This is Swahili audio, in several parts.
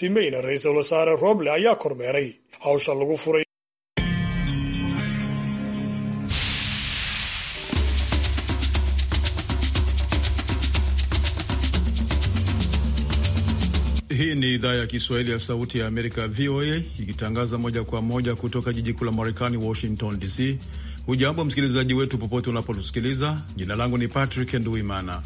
ra-iisul wasaare Roble ayaa kormeeray hawsha lagu furay. Hii ni idhaa ya Kiswahili ya Sauti ya Amerika, VOA, ikitangaza moja kwa moja kutoka jiji kuu la Marekani, Washington DC. Hujambo msikilizaji wetu, popote unapotusikiliza. Jina langu ni Patrick Nduimana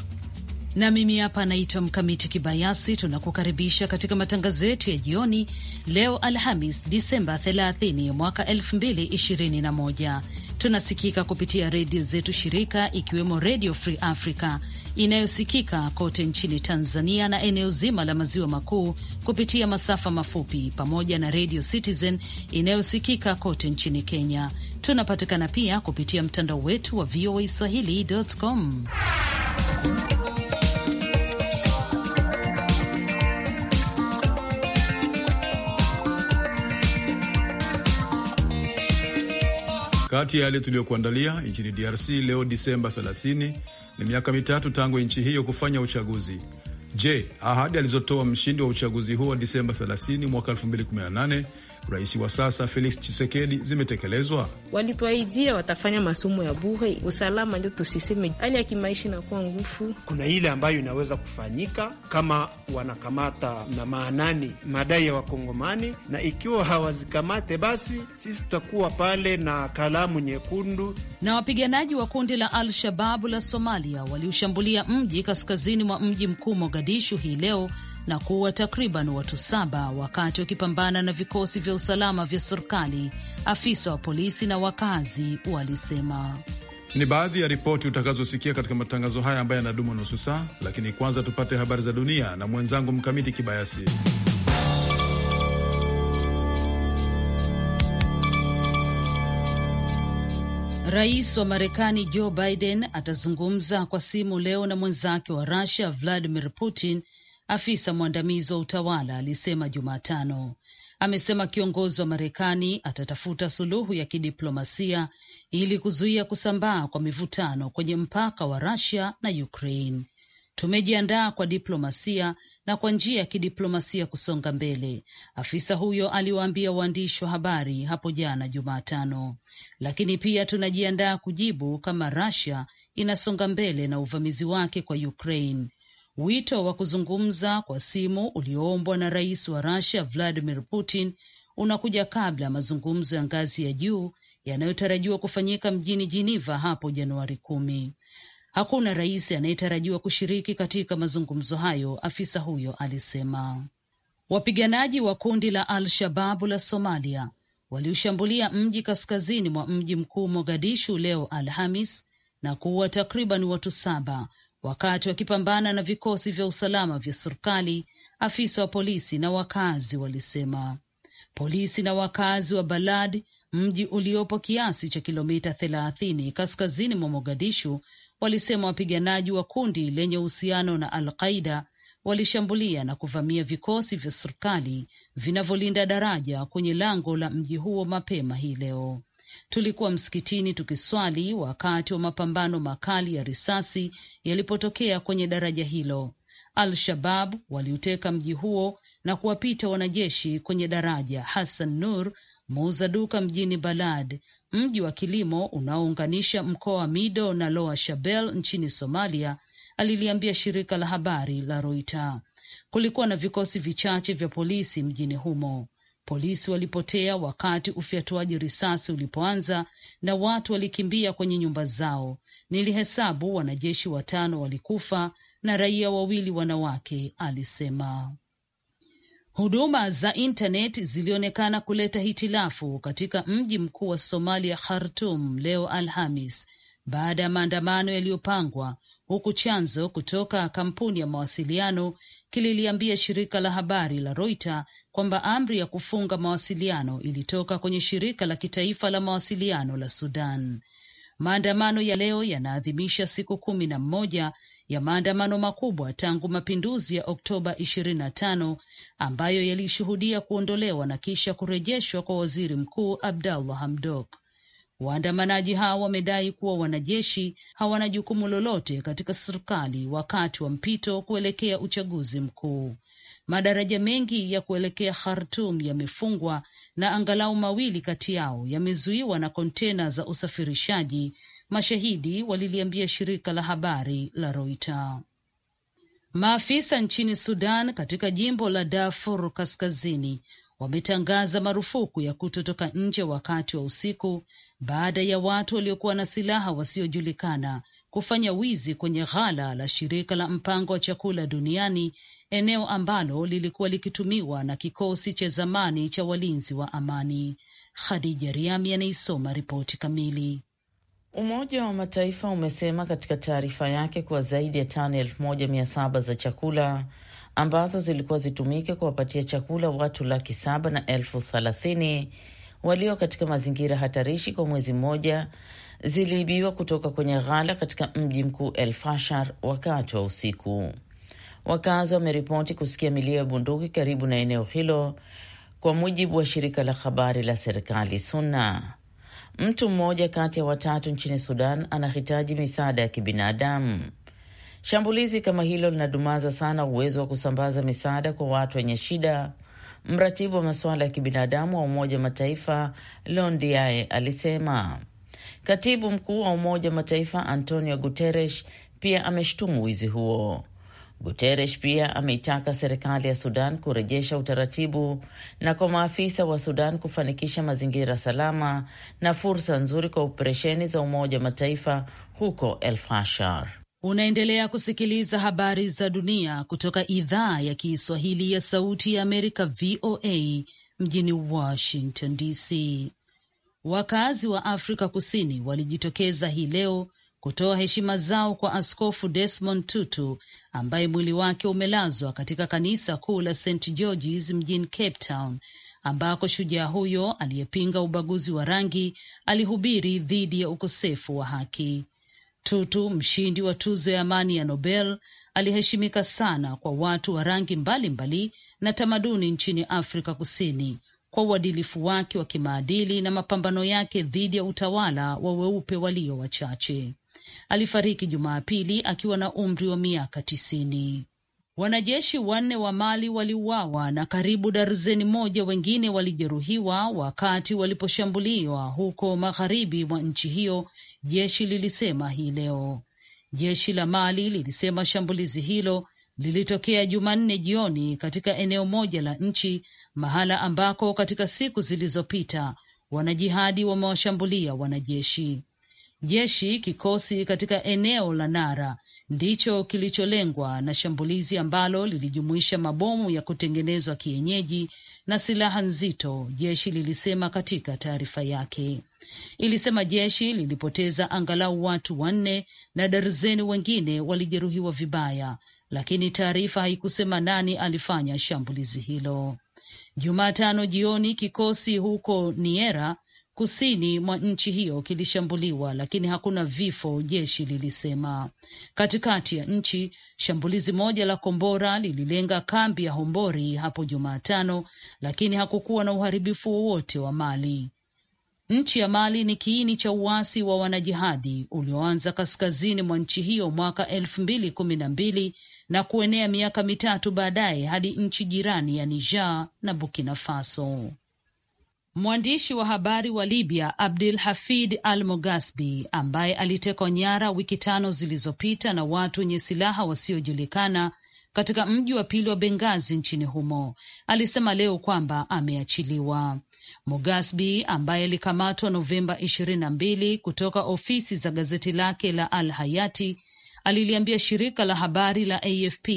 na mimi hapa naitwa Mkamiti Kibayasi. Tunakukaribisha katika matangazo yetu ya jioni leo Alhamis, Disemba 30 mwaka 2021. Tunasikika kupitia redio zetu shirika, ikiwemo Redio Free Africa inayosikika kote nchini Tanzania na eneo zima la maziwa makuu kupitia masafa mafupi, pamoja na Redio Citizen inayosikika kote nchini Kenya. Tunapatikana pia kupitia mtandao wetu wa VOA swahili.com. Kati ya yale tuliyokuandalia, nchini DRC leo Disemba 30 ni miaka mitatu tangu nchi hiyo kufanya uchaguzi. Je, ahadi alizotoa mshindi wa uchaguzi huo wa Disemba 30 mwaka rais wa sasa Felix Chisekedi zimetekelezwa? Walituahidia watafanya masomo ya bure, usalama, ndio tusiseme. Hali ya kimaisha inakuwa ngufu. Kuna ile ambayo inaweza kufanyika kama wanakamata na maanani madai ya Wakongomani, na ikiwa hawazikamate basi sisi tutakuwa pale na kalamu nyekundu. Na wapiganaji wa kundi la Al-Shababu la Somalia waliushambulia mji kaskazini mwa mji mkuu Mogadishu hii leo na kuua takriban watu saba wakati wakipambana na vikosi vya usalama vya serikali, afisa wa polisi na wakazi walisema. Ni baadhi ya ripoti utakazosikia katika matangazo haya ambayo yanadumu nusu saa, lakini kwanza tupate habari za dunia na mwenzangu Mkamiti Kibayasi. Rais wa Marekani Joe Biden atazungumza kwa simu leo na mwenzake wa Rusia Vladimir Putin afisa mwandamizi wa utawala alisema Jumatano. Amesema kiongozi wa Marekani atatafuta suluhu ya kidiplomasia ili kuzuia kusambaa kwa mivutano kwenye mpaka wa rasia na Ukraine. Tumejiandaa kwa diplomasia na kwa njia ya kidiplomasia kusonga mbele, afisa huyo aliwaambia waandishi wa habari hapo jana Jumatano. Lakini pia tunajiandaa kujibu kama rasia inasonga mbele na uvamizi wake kwa Ukraine, Wito wa kuzungumza kwa simu ulioombwa na rais wa rasia Vladimir Putin unakuja kabla ya mazungumzo ya ngazi ya juu yanayotarajiwa kufanyika mjini jiniva hapo Januari kumi. Hakuna rais anayetarajiwa kushiriki katika mazungumzo hayo, afisa huyo alisema. Wapiganaji wa kundi la Al-Shababu la Somalia waliushambulia mji kaskazini mwa mji mkuu Mogadishu leo Alhamis na kuua takriban watu saba wakati wakipambana na vikosi vya usalama vya serikali, afisa wa polisi na wakazi walisema. Polisi na wakazi wa Balad, mji uliopo kiasi cha kilomita thelathini kaskazini mwa Mogadishu, walisema wapiganaji wa kundi lenye uhusiano na Al-Qaida walishambulia na kuvamia vikosi vya serikali vinavyolinda daraja kwenye lango la mji huo mapema hii leo. Tulikuwa msikitini tukiswali wakati wa mapambano makali ya risasi yalipotokea kwenye daraja hilo. Al-Shabab waliuteka mji huo na kuwapita wanajeshi kwenye daraja. Hassan Nur, muuza duka mjini Balad, mji wa kilimo unaounganisha mkoa wa Mido na Loa shabel nchini Somalia, aliliambia shirika la habari la roita kulikuwa na vikosi vichache vya polisi mjini humo. Polisi walipotea wakati ufyatuaji risasi ulipoanza na watu walikimbia kwenye nyumba zao. Nilihesabu wanajeshi watano walikufa na raia wawili wanawake, alisema. Huduma za intaneti zilionekana kuleta hitilafu katika mji mkuu wa Somalia, Khartum, leo Alhamis, baada ya maandamano yaliyopangwa, huku chanzo kutoka kampuni ya mawasiliano kililiambia shirika la habari la Reuters kwamba amri ya kufunga mawasiliano ilitoka kwenye shirika la kitaifa la mawasiliano la Sudan. Maandamano ya leo yanaadhimisha siku kumi na mmoja ya maandamano makubwa tangu mapinduzi ya Oktoba 25 ambayo yalishuhudia kuondolewa na kisha kurejeshwa kwa waziri mkuu Abdallah Hamdok. Waandamanaji hao wamedai kuwa wanajeshi hawana jukumu lolote katika serikali wakati wa mpito kuelekea uchaguzi mkuu. Madaraja mengi ya kuelekea Khartum yamefungwa na angalau mawili kati yao yamezuiwa na kontena za usafirishaji, mashahidi waliliambia shirika la habari la Reuters. Maafisa nchini Sudan katika jimbo la Darfur Kaskazini wametangaza marufuku ya kutotoka nje wakati wa usiku baada ya watu waliokuwa na silaha wasiojulikana kufanya wizi kwenye ghala la shirika la mpango wa chakula duniani, eneo ambalo lilikuwa likitumiwa na kikosi cha zamani cha walinzi wa amani. Khadija Riami anaisoma ripoti kamili. Umoja wa Mataifa umesema katika taarifa yake kuwa zaidi ya tani elfu moja mia saba za chakula ambazo zilikuwa zitumike kuwapatia chakula watu laki saba na elfu thelathini walio katika mazingira hatarishi kwa mwezi mmoja ziliibiwa kutoka kwenye ghala katika mji mkuu El Fashar wakati wa usiku. Wakazi wameripoti kusikia milio ya bunduki karibu na eneo hilo, kwa mujibu wa shirika la habari la serikali Sunna. Mtu mmoja kati ya watatu nchini Sudan anahitaji misaada ya kibinadamu. Shambulizi kama hilo linadumaza sana uwezo wa kusambaza misaada kwa watu wenye shida, Mratibu wa masuala ya kibinadamu wa Umoja wa Mataifa Londiae alisema katibu mkuu wa Umoja wa Mataifa Antonio Guterres pia ameshtumu wizi huo. Guterres pia ameitaka serikali ya Sudan kurejesha utaratibu na kwa maafisa wa Sudan kufanikisha mazingira salama na fursa nzuri kwa operesheni za Umoja wa Mataifa huko El Fashar. Unaendelea kusikiliza habari za dunia kutoka idhaa ya Kiswahili ya Sauti ya Amerika, VOA mjini Washington DC. Wakazi wa Afrika Kusini walijitokeza hii leo kutoa heshima zao kwa Askofu Desmond Tutu ambaye mwili wake umelazwa katika kanisa kuu la St Georges mjini Cape Town ambako shujaa huyo aliyepinga ubaguzi wa rangi alihubiri dhidi ya ukosefu wa haki. Tutu, mshindi wa tuzo ya amani ya Nobel, aliheshimika sana kwa watu wa rangi mbalimbali na tamaduni nchini Afrika Kusini kwa uadilifu wake wa kimaadili na mapambano yake dhidi ya utawala wa weupe walio wachache. Alifariki Jumapili akiwa na umri wa miaka tisini. Wanajeshi wanne wa Mali waliuawa na karibu darzeni moja wengine walijeruhiwa wakati waliposhambuliwa huko magharibi mwa nchi hiyo, jeshi lilisema hii leo. Jeshi la Mali lilisema shambulizi hilo lilitokea Jumanne jioni katika eneo moja la nchi, mahala ambako katika siku zilizopita wanajihadi wamewashambulia wanajeshi. Jeshi kikosi katika eneo la Nara ndicho kilicholengwa na shambulizi ambalo lilijumuisha mabomu ya kutengenezwa kienyeji na silaha nzito, jeshi lilisema katika taarifa yake. Ilisema jeshi lilipoteza angalau watu wanne na darzeni wengine walijeruhiwa vibaya, lakini taarifa haikusema nani alifanya shambulizi hilo. Jumatano jioni kikosi huko Niera kusini mwa nchi hiyo kilishambuliwa, lakini hakuna vifo, jeshi lilisema. Katikati ya nchi, shambulizi moja la kombora lililenga kambi ya Hombori hapo Jumatano, lakini hakukuwa na uharibifu wowote wa mali. Nchi ya Mali ni kiini cha uasi wa wanajihadi ulioanza kaskazini mwa nchi hiyo mwaka elfu mbili kumi na mbili na kuenea miaka mitatu baadaye hadi nchi jirani ya Niger na Burkina Faso. Mwandishi wa habari wa Libya Abdul Hafid Al Mogasbi, ambaye alitekwa nyara wiki tano zilizopita na watu wenye silaha wasiojulikana katika mji wa pili wa Bengazi nchini humo, alisema leo kwamba ameachiliwa. Mogasbi ambaye alikamatwa Novemba ishirini na mbili kutoka ofisi za gazeti lake la Al Hayati aliliambia shirika la habari la AFP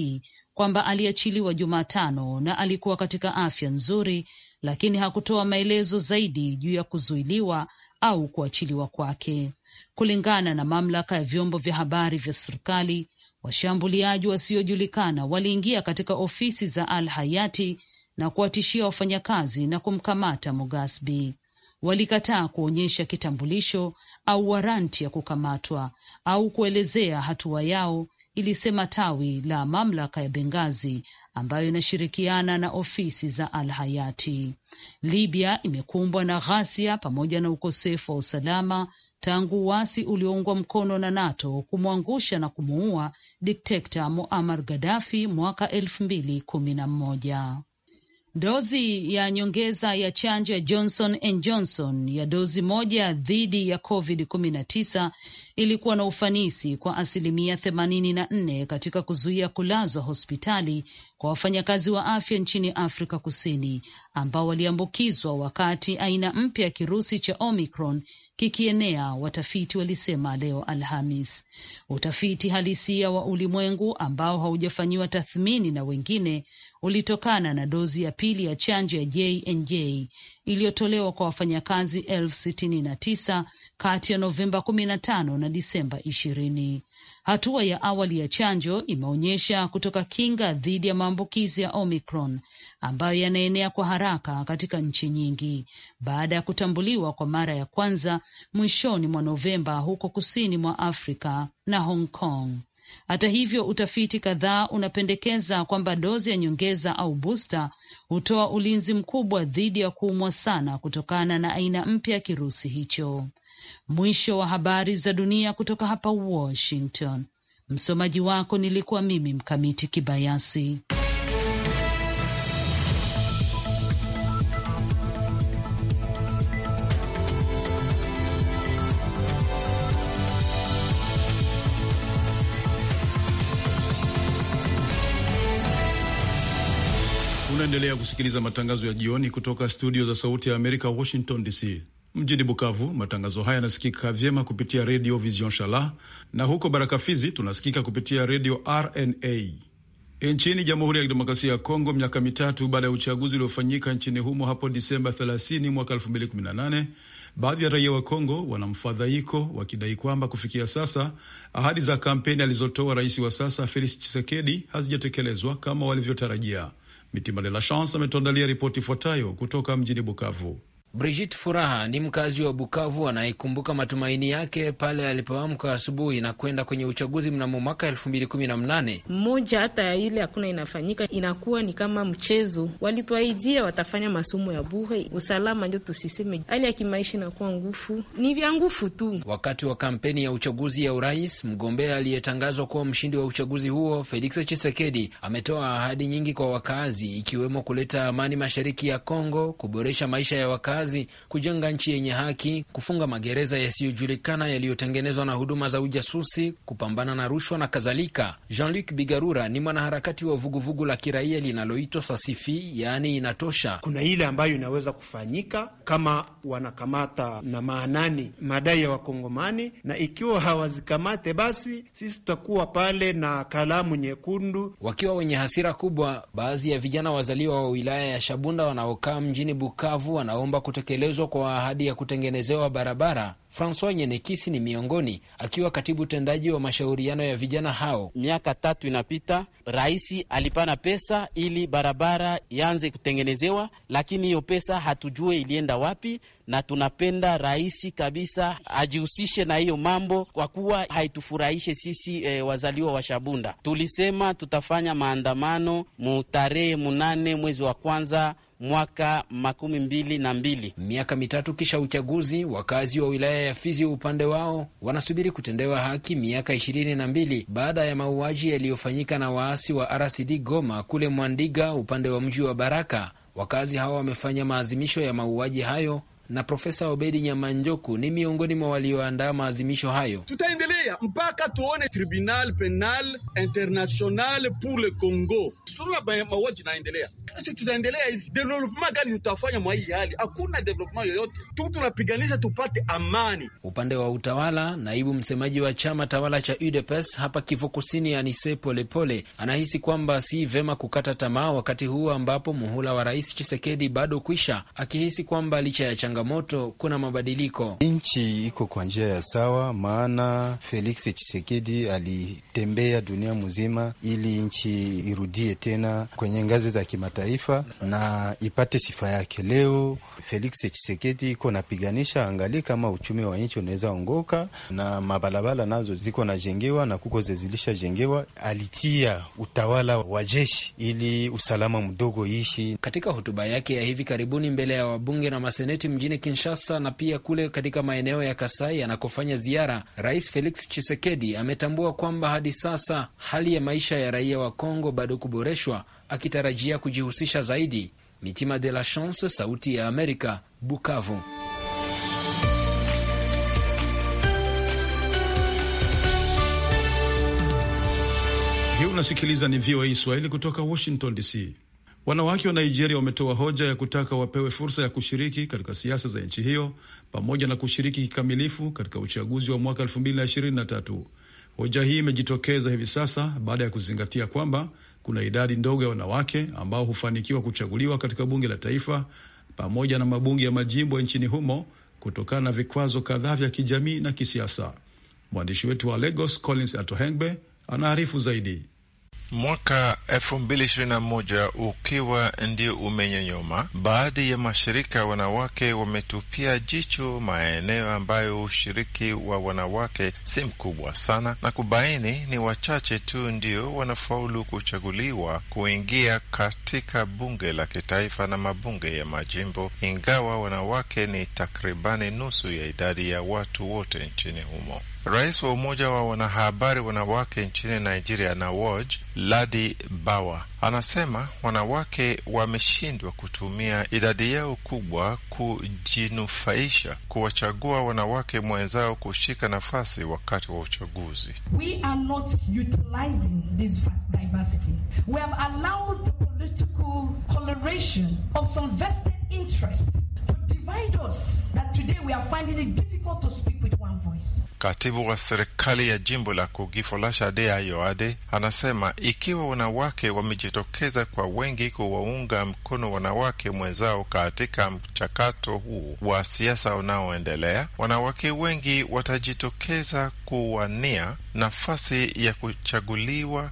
kwamba aliachiliwa Jumatano na alikuwa katika afya nzuri lakini hakutoa maelezo zaidi juu ya kuzuiliwa au kuachiliwa kwake. Kulingana na mamlaka ya vyombo vya habari vya serikali, washambuliaji wasiojulikana waliingia katika ofisi za Al Hayati na kuwatishia wafanyakazi na kumkamata Mugasbi. Walikataa kuonyesha kitambulisho au waranti ya kukamatwa au kuelezea hatua yao, ilisema tawi la mamlaka ya Bengazi ambayo inashirikiana na ofisi za Al Hayati. Libya imekumbwa na ghasia pamoja na ukosefu wa usalama tangu uasi ulioungwa mkono na NATO kumwangusha na kumuua dikteta Muammar Gaddafi mwaka elfu mbili kumi na mmoja. Dozi ya nyongeza ya chanjo ya Johnson and Johnson ya dozi moja dhidi ya COVID-19 ilikuwa na ufanisi kwa asilimia 84 katika kuzuia kulazwa hospitali kwa wafanyakazi wa afya nchini Afrika Kusini ambao waliambukizwa wakati aina mpya ya kirusi cha Omicron kikienea, watafiti walisema leo Alhamis. Utafiti halisia wa ulimwengu ambao haujafanyiwa tathmini na wengine ulitokana na dozi ya pili ya chanjo ya JNJ iliyotolewa kwa wafanyakazi elfu sitini na tisa kati ya Novemba 15 na Disemba 20. Hatua ya awali ya chanjo imeonyesha kutoka kinga dhidi ya maambukizi ya Omicron ambayo yanaenea kwa haraka katika nchi nyingi baada ya kutambuliwa kwa mara ya kwanza mwishoni mwa Novemba huko kusini mwa Afrika na Hong Kong. Hata hivyo, utafiti kadhaa unapendekeza kwamba dozi ya nyongeza au busta hutoa ulinzi mkubwa dhidi ya kuumwa sana kutokana na aina mpya ya kirusi hicho. Mwisho wa habari za dunia kutoka hapa Washington. Msomaji wako nilikuwa mimi Mkamiti Kibayasi. Unaendelea kusikiliza matangazo ya jioni kutoka studio za Sauti ya Amerika, Washington DC. Mjini Bukavu, matangazo haya yanasikika vyema kupitia redio Vision Shala, na huko Barakafizi tunasikika kupitia redio RNA. Nchini Jamhuri ya Kidemokrasia ya Kongo, miaka mitatu baada ya uchaguzi uliofanyika nchini humo hapo Disemba 30 mwaka 2018, baadhi ya raia wa Kongo wana mfadhaiko wakidai kwamba kufikia sasa ahadi za kampeni alizotoa rais wa sasa Felix Tshisekedi hazijatekelezwa kama walivyotarajia. Mitima de la Chance ametuandalia ripoti ifuatayo kutoka mjini Bukavu. Brigit Furaha ni mkazi wa Bukavu anayekumbuka matumaini yake pale alipoamka asubuhi na kwenda kwenye uchaguzi mnamo mwaka elfu mbili kumi na mnane. Mmoja hata ya ile hakuna inafanyika, inakuwa ni kama mchezo. Walituaidia watafanya masomo ya bure, usalama ndio tusiseme, hali ya kimaisha inakuwa ngufu, ni vya ngufu tu. Wakati wa kampeni ya uchaguzi ya urais, mgombea aliyetangazwa kuwa mshindi wa uchaguzi huo Felix Chisekedi ametoa ahadi nyingi kwa wakaazi, ikiwemo kuleta amani mashariki ya Kongo, kuboresha maisha ya wakaazi kazi, kujenga nchi yenye haki, kufunga magereza yasiyojulikana yaliyotengenezwa na huduma za ujasusi, kupambana na rushwa na kadhalika. Jean-Luc Bigarura ni mwanaharakati wa vuguvugu la kiraia linaloitwa Sasifi, yaani inatosha. Kuna ile ambayo inaweza kufanyika kama wanakamata na maanani madai ya Wakongomani, na ikiwa hawazikamate basi sisi tutakuwa pale na kalamu nyekundu. Wakiwa wenye hasira kubwa, baadhi ya vijana wazaliwa wa wilaya ya Shabunda wanaokaa mjini Bukavu wanaomba kutekelezwa kwa ahadi ya kutengenezewa barabara, Francois Nyenekisi ni miongoni, akiwa katibu tendaji wa mashauriano ya vijana hao. Miaka tatu inapita, rais alipana pesa ili barabara ianze kutengenezewa, lakini hiyo pesa hatujue ilienda wapi, na tunapenda rais kabisa ajihusishe na hiyo mambo, kwa kuwa haitufurahishe sisi e, wazaliwa wa Shabunda. Tulisema tutafanya maandamano mutarehe munane mwezi wa kwanza mwaka makumi mbili na mbili. Miaka mitatu kisha uchaguzi, wakazi wa wilaya ya Fizi upande wao wanasubiri kutendewa haki miaka ishirini na mbili baada ya mauaji yaliyofanyika na waasi wa RCD Goma kule Mwandiga upande wa mji wa Baraka. Wakazi hawa wamefanya maadhimisho ya mauaji hayo na Profesa Obedi Nyamanjoku ni miongoni mwa walioandaa maazimisho hayo. Tutaendelea mpaka tuone Tribunal Penal International pour le Congo surula mauaji naendelea, sisi tutaendelea hivi. Development gani tutafanya mwa hii hali? Hakuna development yoyote tu, tunapiganisha tupate amani. Upande wa utawala, naibu msemaji wa chama tawala cha UDPS hapa Kivu Kusini, Anise Polepole anahisi kwamba si vema kukata tamaa wakati huu ambapo muhula wa Rais Chisekedi bado kwisha, akihisi kwamba licha ya changa changamoto, kuna mabadiliko. Nchi iko kwa njia ya sawa, maana Felix chisekedi alitembea dunia mzima ili nchi irudie tena kwenye ngazi za kimataifa na ipate sifa yake. Leo Felix chisekedi iko napiganisha, angali kama uchumi wa nchi unaweza ongoka, na mabalabala nazo ziko najengewa na kuko jengewa. Alitia utawala wa jeshi ili usalama mdogo ishi. Katika hotuba yake ya hivi karibuni mbele ya wabunge na maseneti mjini Kinshasa na pia kule katika maeneo ya Kasai anakofanya ziara, Rais Felix Tshisekedi ametambua kwamba hadi sasa hali ya maisha ya raia wa Kongo bado kuboreshwa, akitarajia kujihusisha zaidi. Mitima de la Chance, Sauti ya Amerika, Bukavu. Hii unasikiliza ni VOA Swahili kutoka Washington DC. Wanawake wa Nigeria wametoa hoja ya kutaka wapewe fursa ya kushiriki katika siasa za nchi hiyo pamoja na kushiriki kikamilifu katika uchaguzi wa mwaka 2023. Hoja hii imejitokeza hivi sasa baada ya kuzingatia kwamba kuna idadi ndogo ya wanawake ambao hufanikiwa kuchaguliwa katika bunge la taifa pamoja na mabunge ya majimbo nchini humo kutokana na vikwazo kadhaa vya kijamii na kisiasa. Mwandishi wetu wa Lagos Collins Atohengbe anaarifu zaidi. Mwaka elfu mbili ishirini na moja ukiwa ndio umenyonyoma, baadhi ya mashirika wanawake wametupia jicho maeneo ambayo ushiriki wa wanawake si mkubwa sana na kubaini ni wachache tu ndio wanafaulu kuchaguliwa kuingia katika bunge la kitaifa na mabunge ya majimbo, ingawa wanawake ni takribani nusu ya idadi ya watu wote nchini humo. Rais wa Umoja wa Wanahabari Wanawake nchini Nigeria na Woj Ladi Bawa anasema wanawake wameshindwa kutumia idadi yao kubwa kujinufaisha, kuwachagua wanawake mwenzao kushika nafasi wakati wa uchaguzi. We Katibu wa serikali ya jimbo la Kogi Folasha De Ayoade anasema ikiwa wanawake wamejitokeza kwa wengi kuwaunga mkono wanawake mwenzao katika mchakato huu wa siasa unaoendelea, wanawake wengi watajitokeza kuwania nafasi ya kuchaguliwa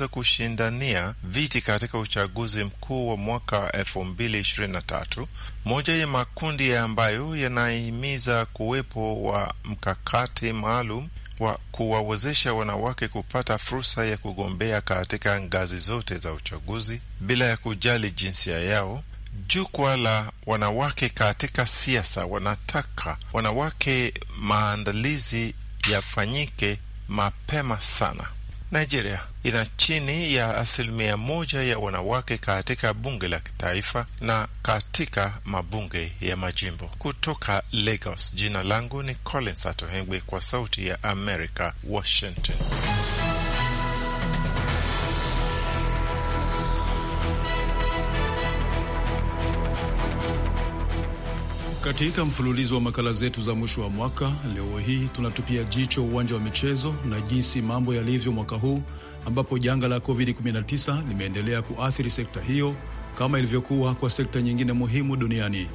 kuweza kushindania viti katika uchaguzi mkuu wa mwaka elfu mbili ishirini na tatu, moja ya makundi ambayo yanahimiza kuwepo wa mkakati maalum wa kuwawezesha wanawake kupata fursa ya kugombea katika ngazi zote za uchaguzi bila ya kujali jinsia yao. Jukwaa la wanawake katika siasa wanataka wanawake maandalizi yafanyike mapema sana. Nigeria ina chini ya asilimia moja ya wanawake katika bunge la kitaifa na katika mabunge ya majimbo. Kutoka Lagos, jina langu ni Collins Atohengwe, kwa Sauti ya Amerika, Washington. Katika mfululizo wa makala zetu za mwisho wa mwaka, leo hii tunatupia jicho uwanja wa michezo na jinsi mambo yalivyo mwaka huu ambapo janga la COVID-19 limeendelea kuathiri sekta hiyo kama ilivyokuwa kwa sekta nyingine muhimu duniani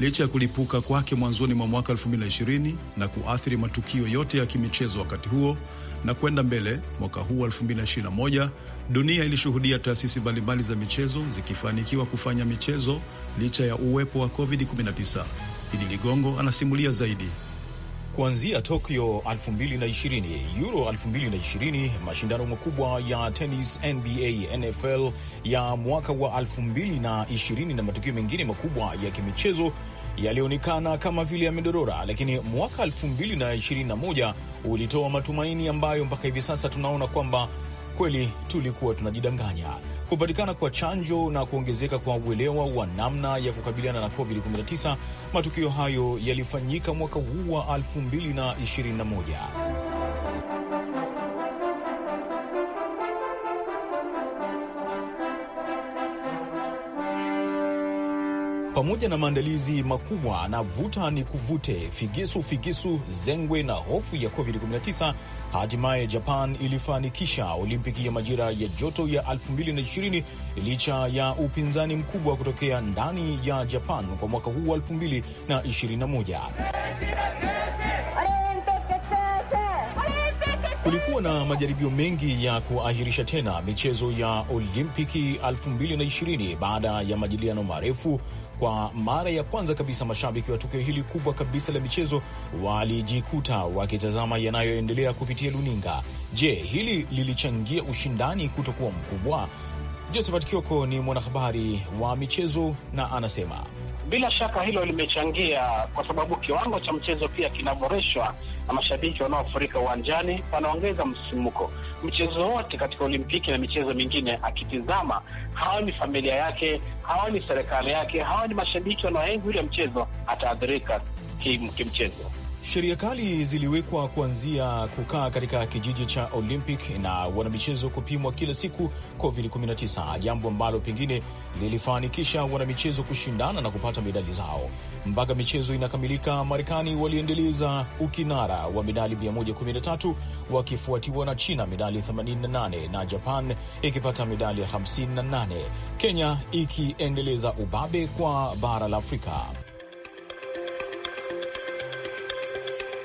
licha ya kulipuka kwake mwanzoni mwa mwaka 2020 na kuathiri matukio yote ya kimichezo wakati huo na kwenda mbele. Mwaka huu 2021, dunia ilishuhudia taasisi mbalimbali za michezo zikifanikiwa kufanya michezo licha ya uwepo wa COVID-19. Idi Ligongo anasimulia zaidi. Kuanzia Tokyo 2020, Euro 2020, mashindano makubwa ya tenis, NBA, NFL ya mwaka wa 2020 na matukio mengine makubwa ya kimichezo yalionekana kama vile yamedorora, lakini mwaka 2021 ulitoa matumaini ambayo mpaka hivi sasa tunaona kwamba kweli tulikuwa tunajidanganya kupatikana kwa chanjo na kuongezeka kwa uelewa wa namna ya kukabiliana na COVID-19, matukio hayo yalifanyika mwaka huu wa 2021. pamoja na maandalizi makubwa na vuta ni kuvute, figisu figisu, zengwe na hofu ya COVID-19, hatimaye Japan ilifanikisha Olimpiki ya majira ya joto ya 2020 licha ya upinzani mkubwa kutokea ndani ya Japan kwa mwaka huu wa 2021. Kulikuwa na majaribio mengi ya kuahirisha tena michezo ya Olimpiki 2020 baada ya majadiliano marefu kwa mara ya kwanza kabisa, mashabiki wa tukio hili kubwa kabisa la michezo walijikuta wakitazama yanayoendelea kupitia luninga. Je, hili lilichangia ushindani kutokuwa mkubwa? Josephat Kioko ni mwanahabari wa michezo na anasema bila shaka hilo limechangia kwa sababu kiwango cha mchezo pia kinaboreshwa na mashabiki wanaofurika uwanjani wanaongeza msisimko. Mchezo wote katika Olimpiki na michezo mingine, akitizama ni familia yake, ni serikali yake, ni mashabiki wanaoenzi ule mchezo, ataathirika kimchezo. Sheria kali ziliwekwa kuanzia kukaa katika kijiji cha Olympic na wanamichezo kupimwa kila siku COVID-19, jambo ambalo pengine lilifanikisha wanamichezo kushindana na kupata medali zao. Mpaka michezo inakamilika, Marekani waliendeleza ukinara wa medali 113 wakifuatiwa na China medali 88 na Japan ikipata medali 58, Kenya ikiendeleza ubabe kwa bara la Afrika.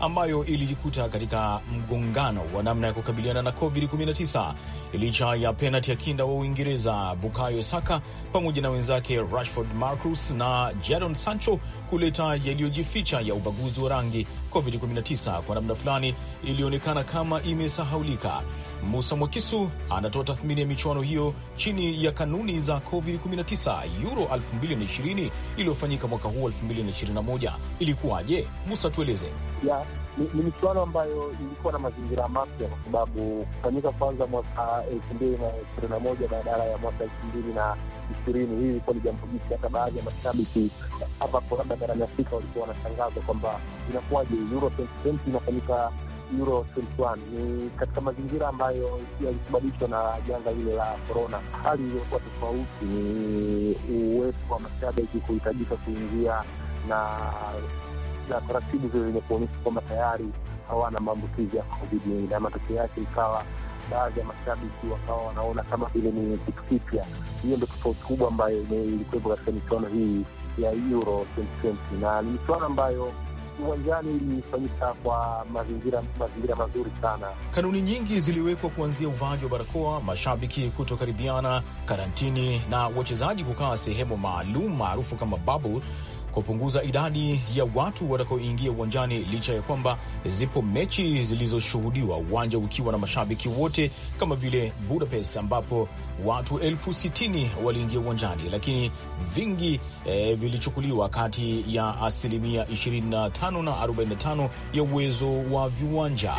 ambayo ilijikuta katika mgongano wa namna ya kukabiliana na COVID-19 licha ya penati ya kinda wa Uingereza Bukayo Saka pamoja na wenzake Rashford Marcus na Jadon Sancho kuleta yaliyojificha ya ubaguzi wa rangi. COVID-19 kwa namna fulani ilionekana kama imesahaulika. Musa Mwakisu anatoa tathmini ya michuano hiyo chini ya kanuni za COVID-19. Euro 2020 iliyofanyika mwaka huu 2021 ilikuwaje? Musa, tueleze. Yeah, ni, ni michuano ambayo ilikuwa na mazingira mapya kwa sababu kufanyika kwanza mwaka elfu mbili na ishirini na moja badala ya mwaka elfu mbili na ishirini Hii ilikuwa ni jambo jipya. Hata baadhi ya mashabiki hapa labda barani Afrika walikuwa wanashangazwa kwamba inakuwaje Euro 2020 inafanyika Euro ni katika mazingira ambayo yalisababishwa na janga hile la korona. Hali iliyokuwa tofauti ni uwepo wa mashabiki kuhitajika kuingia na na taratibu zile zenye kuonyesha kwamba tayari hawana maambukizi ya COVID, na matokeo yake ikawa baadhi ya mashabiki wakawa wanaona kama vile ni kitu kipya. Hiyo ndo tofauti kubwa ambayo ilikuwepo katika michuano hii ya Euro 2020 na ni michuano ambayo uwanjani ilifanyika kwa mazingira mazingira mazuri sana. Kanuni nyingi ziliwekwa kuanzia uvaaji wa barakoa, mashabiki kutokaribiana, karantini na wachezaji kukaa sehemu maalum maarufu kama bubble kupunguza idadi ya watu watakaoingia uwanjani licha ya kwamba zipo mechi zilizoshuhudiwa uwanja ukiwa na mashabiki wote kama vile Budapest ambapo watu elfu sitini waliingia uwanjani, lakini vingi e, vilichukuliwa kati ya asilimia 25 na 45 ya uwezo wa viwanja.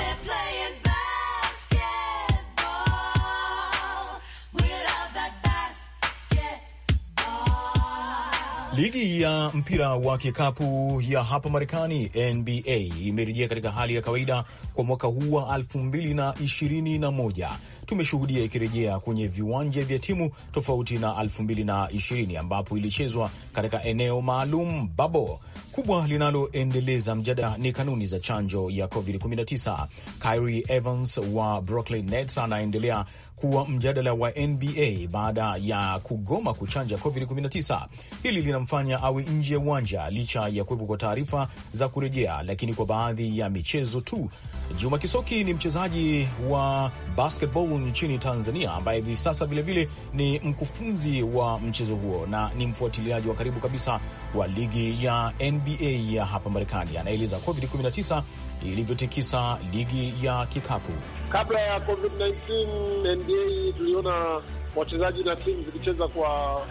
Ligi ya mpira wa kikapu ya hapa Marekani, NBA, imerejea katika hali ya kawaida kwa mwaka huu wa 2021. Tumeshuhudia ikirejea kwenye viwanja vya timu tofauti na 2020 ambapo ilichezwa katika eneo maalum babo kubwa linaloendeleza mjadala ni kanuni za chanjo ya COVID-19. Kyrie Evans wa Brooklyn Nets anaendelea kuwa mjadala wa NBA baada ya kugoma kuchanja COVID-19. Hili linamfanya awe nje ya uwanja licha ya kuwepo kwa taarifa za kurejea, lakini kwa baadhi ya michezo tu. Juma Kisoki ni mchezaji wa basketball nchini Tanzania ambaye hivi sasa vilevile ni mkufunzi wa mchezo huo na ni mfuatiliaji wa karibu kabisa wa ligi ya NBA ya hapa Marekani. Anaeleza COVID-19 ilivyotikisa ligi ya kikapu. Kabla ya COVID-19, NBA tuliona wachezaji na timu zikicheza kwa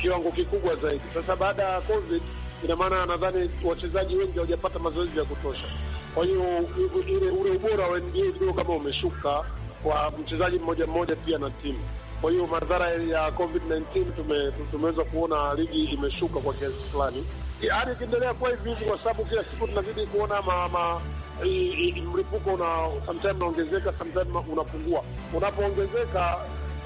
kiwango kikubwa zaidi. Sasa baada ya COVID, ina maana nadhani wachezaji wengi hawajapata mazoezi ya kutosha, kwa hiyo ule ubora wa NBA kidogo kama umeshuka kwa mchezaji mmoja mmoja, pia na timu. Kwa hiyo madhara ya COVID-19 tumeweza kuona ligi imeshuka kwa kiasi fulani hadi yaani ikiendelea kuwa hivi hivi, kwa sababu kila siku tunazidi kuona ma, ma mlipuko una sometimes unaongezeka sometimes unapungua. Unapoongezeka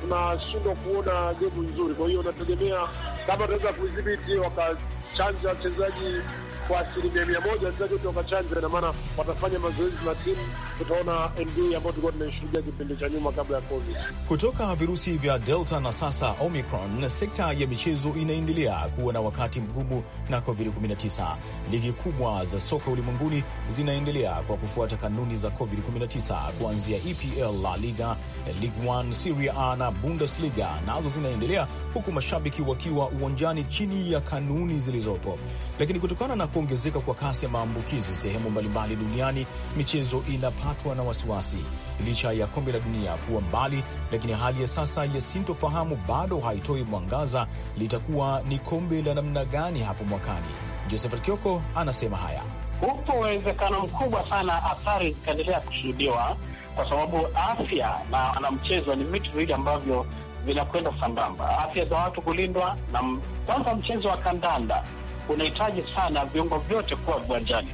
tunashindwa kuona jibu nzuri, kwa hiyo unategemea kama tunaweza kudhibiti wakati watachanja wachezaji kwa asilimia mia moja, wachezaji wote wakachanja. Ina maana watafanya mazoezi na timu, tutaona NBA ambayo tulikuwa tunaishuhudia kipindi cha nyuma kabla ya COVID. Kutoka virusi vya Delta na sasa Omicron, sekta ya michezo inaendelea kuwa na wakati mgumu na COVID-19. Ligi kubwa za soka ulimwenguni zinaendelea kwa kufuata kanuni za COVID-19, kuanzia EPL, La Liga, Ligue 1, Serie A na Bundesliga nazo zinaendelea huku mashabiki wakiwa uwanjani chini ya kanuni zilizo zilizopo. Lakini kutokana na kuongezeka kwa kasi ya maambukizi sehemu mbalimbali duniani, michezo inapatwa na wasiwasi. Licha ya kombe la dunia kuwa mbali, lakini hali ya sasa ya sintofahamu bado haitoi mwangaza. Litakuwa ni kombe la namna gani hapo mwakani? Josephat Kioko anasema haya. Upo uwezekano mkubwa sana athari zikaendelea kushuhudiwa, kwa sababu afya na wanamchezo ni vitu viwili ambavyo vinakwenda sambamba, afya za watu kulindwa. Na kwanza, mchezo wa kandanda unahitaji sana viungo vyote kuwa viwanjani,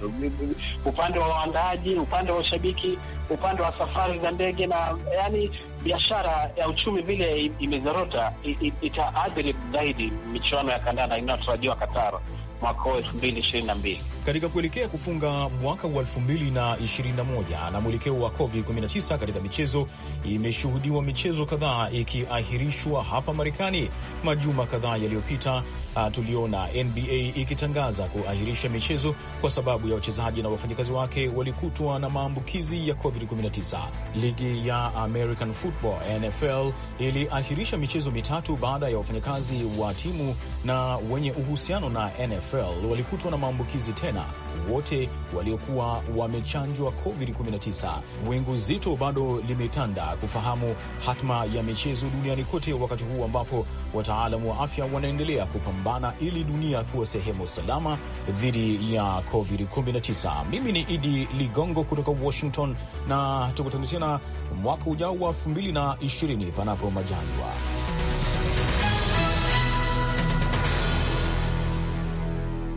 upande wa waandaaji, upande wa ushabiki, upande wa safari za ndege, na yani biashara ya uchumi vile imezorota, itaathiri zaidi michuano ya kandanda inayotarajiwa Katara mwaka huu elfu mbili ishirini na mbili katika kuelekea kufunga mwaka wa elfu mbili na ishirini na moja na mwelekeo wa Covid 19 katika michezo, imeshuhudiwa michezo kadhaa ikiahirishwa hapa Marekani. Majuma kadhaa yaliyopita, ah, tuliona NBA ikitangaza kuahirisha michezo kwa sababu ya wachezaji na wafanyakazi wake walikutwa na maambukizi ya Covid 19. Ligi ya American Football NFL iliahirisha michezo mitatu baada ya wafanyakazi wa timu na wenye uhusiano na NFL Fell walikutwa na maambukizi tena, wote waliokuwa wamechanjwa COVID-19. Wingu zito bado limetanda kufahamu hatma ya michezo duniani kote, wakati huu ambapo wataalamu wa afya wanaendelea kupambana ili dunia kuwa sehemu salama dhidi ya COVID-19. Mimi ni Idi Ligongo kutoka Washington na tukutane tena mwaka ujao wa 2020 panapo majanjwa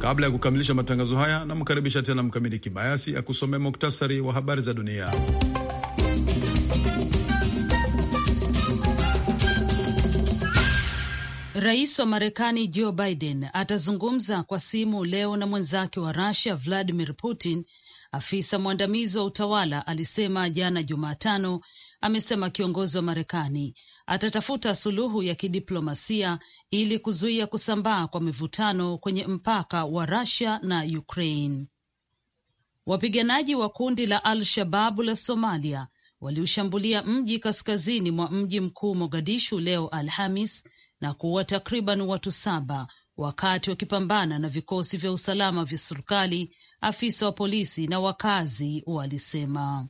Kabla ya kukamilisha matangazo haya, namkaribisha tena Mkamidi Kibayasi akusomea muktasari wa habari za dunia. Rais wa Marekani Joe Biden atazungumza kwa simu leo na mwenzake wa rusia Vladimir Putin, afisa mwandamizi wa utawala alisema jana Jumatano amesema kiongozi wa Marekani atatafuta suluhu ya kidiplomasia ili kuzuia kusambaa kwa mivutano kwenye mpaka wa Rusia na Ukraine. Wapiganaji wa kundi la Al-Shababu la Somalia waliushambulia mji kaskazini mwa mji mkuu Mogadishu leo Alhamis na kuua takriban watu saba wakati wakipambana na vikosi vya usalama vya serikali, afisa wa polisi na wakazi walisema.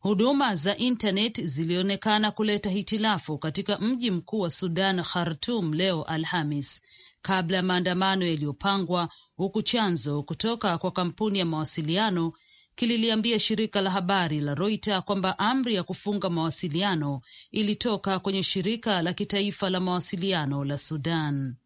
Huduma za intaneti zilionekana kuleta hitilafu katika mji mkuu wa Sudan khartum leo Alhamis, kabla ya maandamano yaliyopangwa, huku chanzo kutoka kwa kampuni ya mawasiliano kililiambia shirika la habari la Reuters kwamba amri ya kufunga mawasiliano ilitoka kwenye shirika la kitaifa la mawasiliano la Sudan.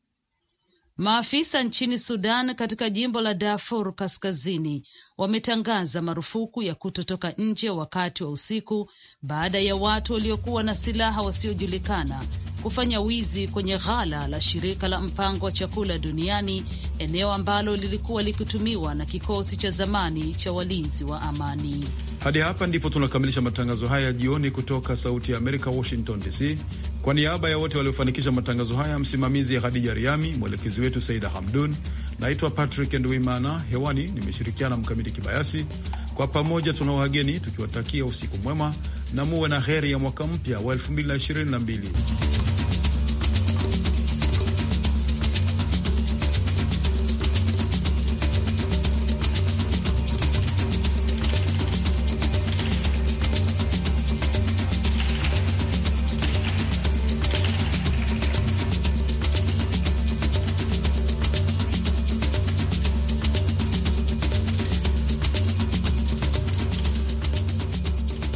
Maafisa nchini Sudan katika jimbo la Darfur Kaskazini wametangaza marufuku ya kutotoka nje wakati wa usiku baada ya watu waliokuwa na silaha wasiojulikana kufanya wizi kwenye ghala la shirika la mpango wa chakula duniani, eneo ambalo lilikuwa likitumiwa na kikosi cha zamani cha walinzi wa amani. Hadi hapa ndipo tunakamilisha matangazo haya jioni kutoka Sauti ya Amerika, Washington DC. Kwa niaba ya wote waliofanikisha matangazo haya, msimamizi ya Hadija Riami, mwelekezi wetu Saida Hamdun. Naitwa Patrick Ndwimana, hewani nimeshirikiana Mkamiti Kibayasi. Kwa pamoja tuna wageni tukiwatakia usiku mwema na muwe na heri ya mwaka mpya wa 2022.